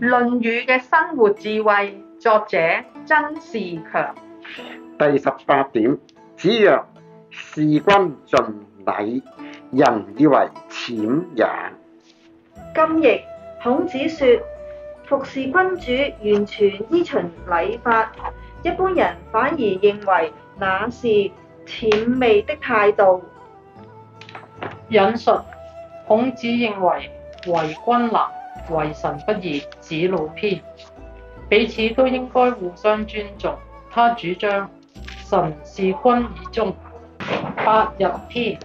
《論語》嘅生活智慧，作者曾仕強。第十八點，子曰：事君盡禮，人以為諂也。今譯：孔子說，服侍君主完全依循禮法，一般人反而認為那是諂媚的態度。引述：孔子認為為君難。為臣不易，子路篇。彼此都應該互相尊重。他主張臣事君以忠，八佾篇，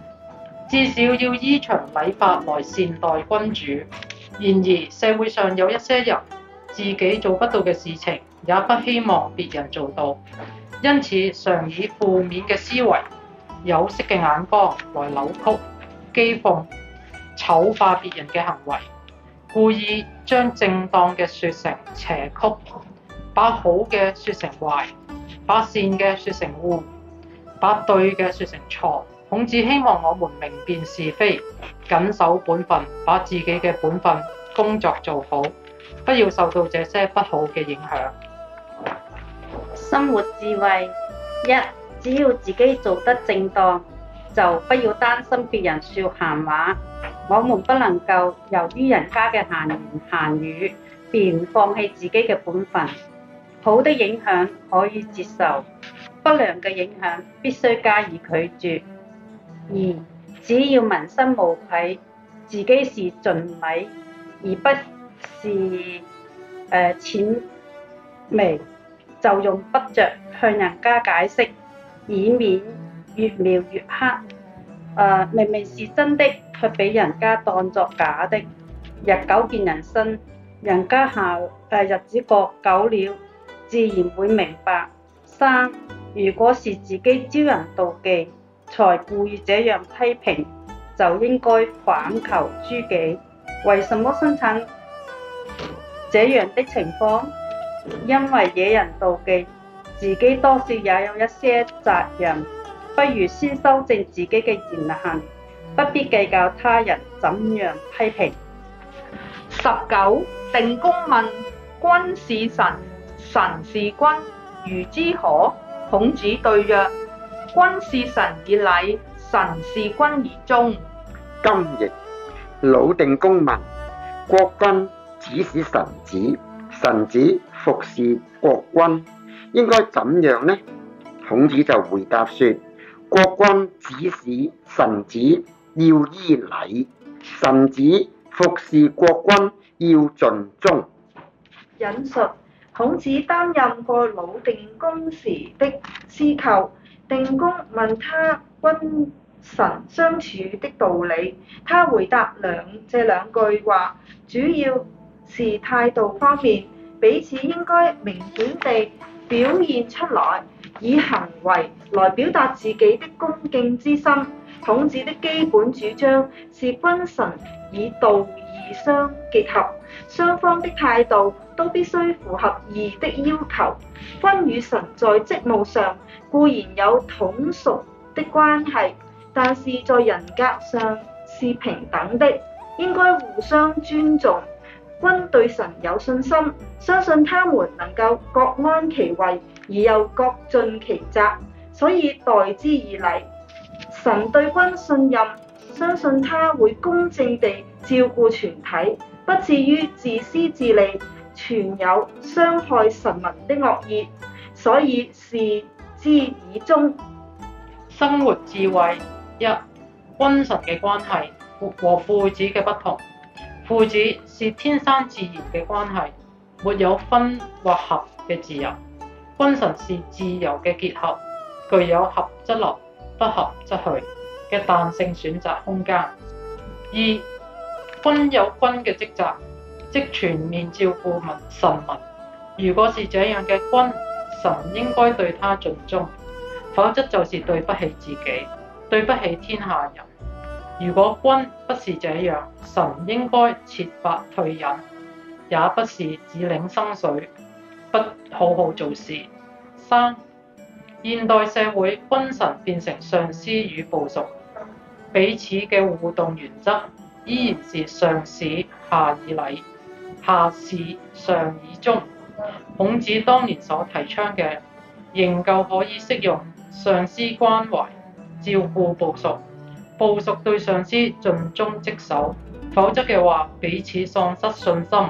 至少要依循禮法來善待君主。然而社會上有一些人，自己做不到嘅事情，也不希望別人做到，因此常以負面嘅思維、有色嘅眼光來扭曲、譏諷、醜化別人嘅行為。故意將正當嘅說成邪曲，把好嘅說成壞，把善嘅說成惡，把對嘅說成錯。孔子希望我們明辨是非，謹守本分，把自己嘅本分工作做好，不要受到這些不好嘅影響。生活智慧一，只要自己做得正當。就不要擔心別人説閒話，我們不能夠由於人家嘅閒言閒語，便放棄自己嘅本分。好的影響可以接受，不良嘅影響必須加以拒絕。而只要問心無愧，自己是盡禮，而不是誒諂媚，就用不著向人家解釋，以免，越描越黑，誒、呃、明明是真的，卻俾人家當作假的。日久見人心，人家下誒、呃、日子過久了，自然會明白。三，如果是自己招人妒忌，才故意這樣批評，就應該反求諸己。為什麼生產這樣的情況？因為惹人妒忌，自己多少也有一些責任。不如先修正自己嘅言行，不必計較他人怎樣批評。十九，定公問：君使臣，臣事君，如之何？孔子對曰：君使臣以禮，臣事君以忠。今譯，魯定公問：國君指使臣子，臣子服侍國君，應該怎樣呢？孔子就回答說。國君指使臣子要依禮，臣子服侍國君要盡忠。引述：孔子擔任過魯定公時的司寇，定公問他君臣相處的道理，他回答兩這兩句話，主要是態度方面，彼此應該明顯地表現出來。以行為來表達自己的恭敬之心。孔子的基本主張是君臣以道義相結合，雙方的態度都必須符合義的要求。君與臣在職務上固然有統屬的關係，但是在人格上是平等的，應該互相尊重。君對臣有信心，相信他們能夠各安其位。而又各盡其責，所以待之以禮。臣對君信任，相信他會公正地照顧全體，不至於自私自利，存有傷害臣民的惡意，所以事之以忠。生活智慧，一，君臣嘅關係和父子嘅不同，父子是天生自然嘅關係，沒有分或合嘅自由。君臣是自由嘅結合，具有合則立、不合則去嘅彈性選擇空間。二，君有君嘅職責，即全面照顧民臣民。如果是這樣嘅君，臣應該對他盡忠，否則就是對不起自己，對不起天下人。如果君不是這樣，臣應該設法退隱，也不是指領薪水。不好好做事。三、現代社會君臣變成上司與部屬，彼此嘅互動原則依然是上司下以禮，下事上以忠。孔子當年所提倡嘅，仍舊可以適用。上司關懷照顧部屬，部屬對上司盡忠職守，否則嘅話，彼此喪失信心。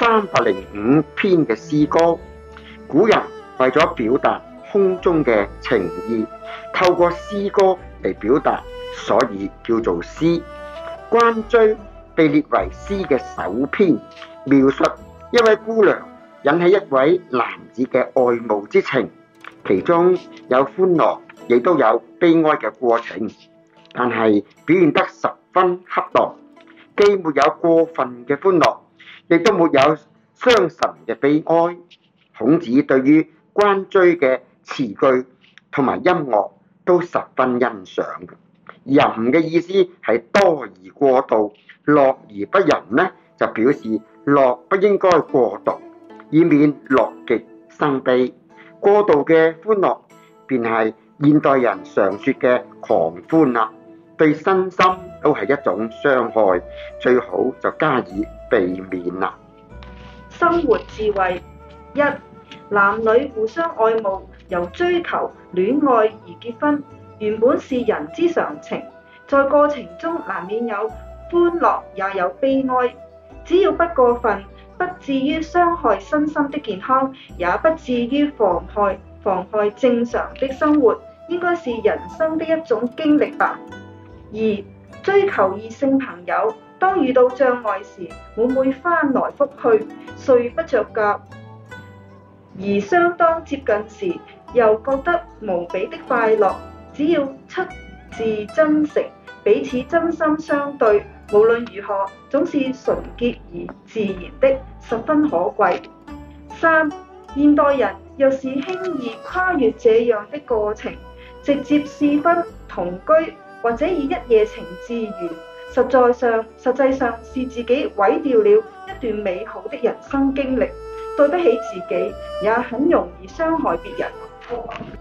三百零五篇嘅詩歌，古人為咗表達胸中嘅情意，透過詩歌嚟表達，所以叫做詩。《關雎》被列為詩嘅首篇，描述一位姑娘引起一位男子嘅愛慕之情，其中有歡樂，亦都有悲哀嘅過程，但係表現得十分恰當，既沒有過分嘅歡樂。亦都沒有傷神嘅悲哀。孔子對於關雎嘅詞句同埋音樂都十分欣賞嘅。淫嘅意思係多而過度，樂而不淫呢，就表示樂不應該過度，以免樂極生悲。過度嘅歡樂便係現代人常説嘅狂歡啦，對身心都係一種傷害。最好就加以避免啦。生活智慧一，男女互相愛慕，由追求戀愛而結婚，原本是人之常情，在過程中難免有歡樂，也有悲哀。只要不過分，不至於傷害身心的健康，也不至於妨害妨害正常的生活，應該是人生的一種經歷吧。二，追求異性朋友。當遇到障礙時，會會翻來覆去，睡不着覺；而相當接近時，又覺得無比的快樂。只要出自真誠，彼此真心相對，無論如何，總是純潔而自然的，十分可貴。三，現代人又是輕易跨越這樣的過程，直接試婚同居，或者以一夜情自娛。實在上，實際上是自己毀掉了一段美好的人生經歷，對不起自己，也很容易傷害別人。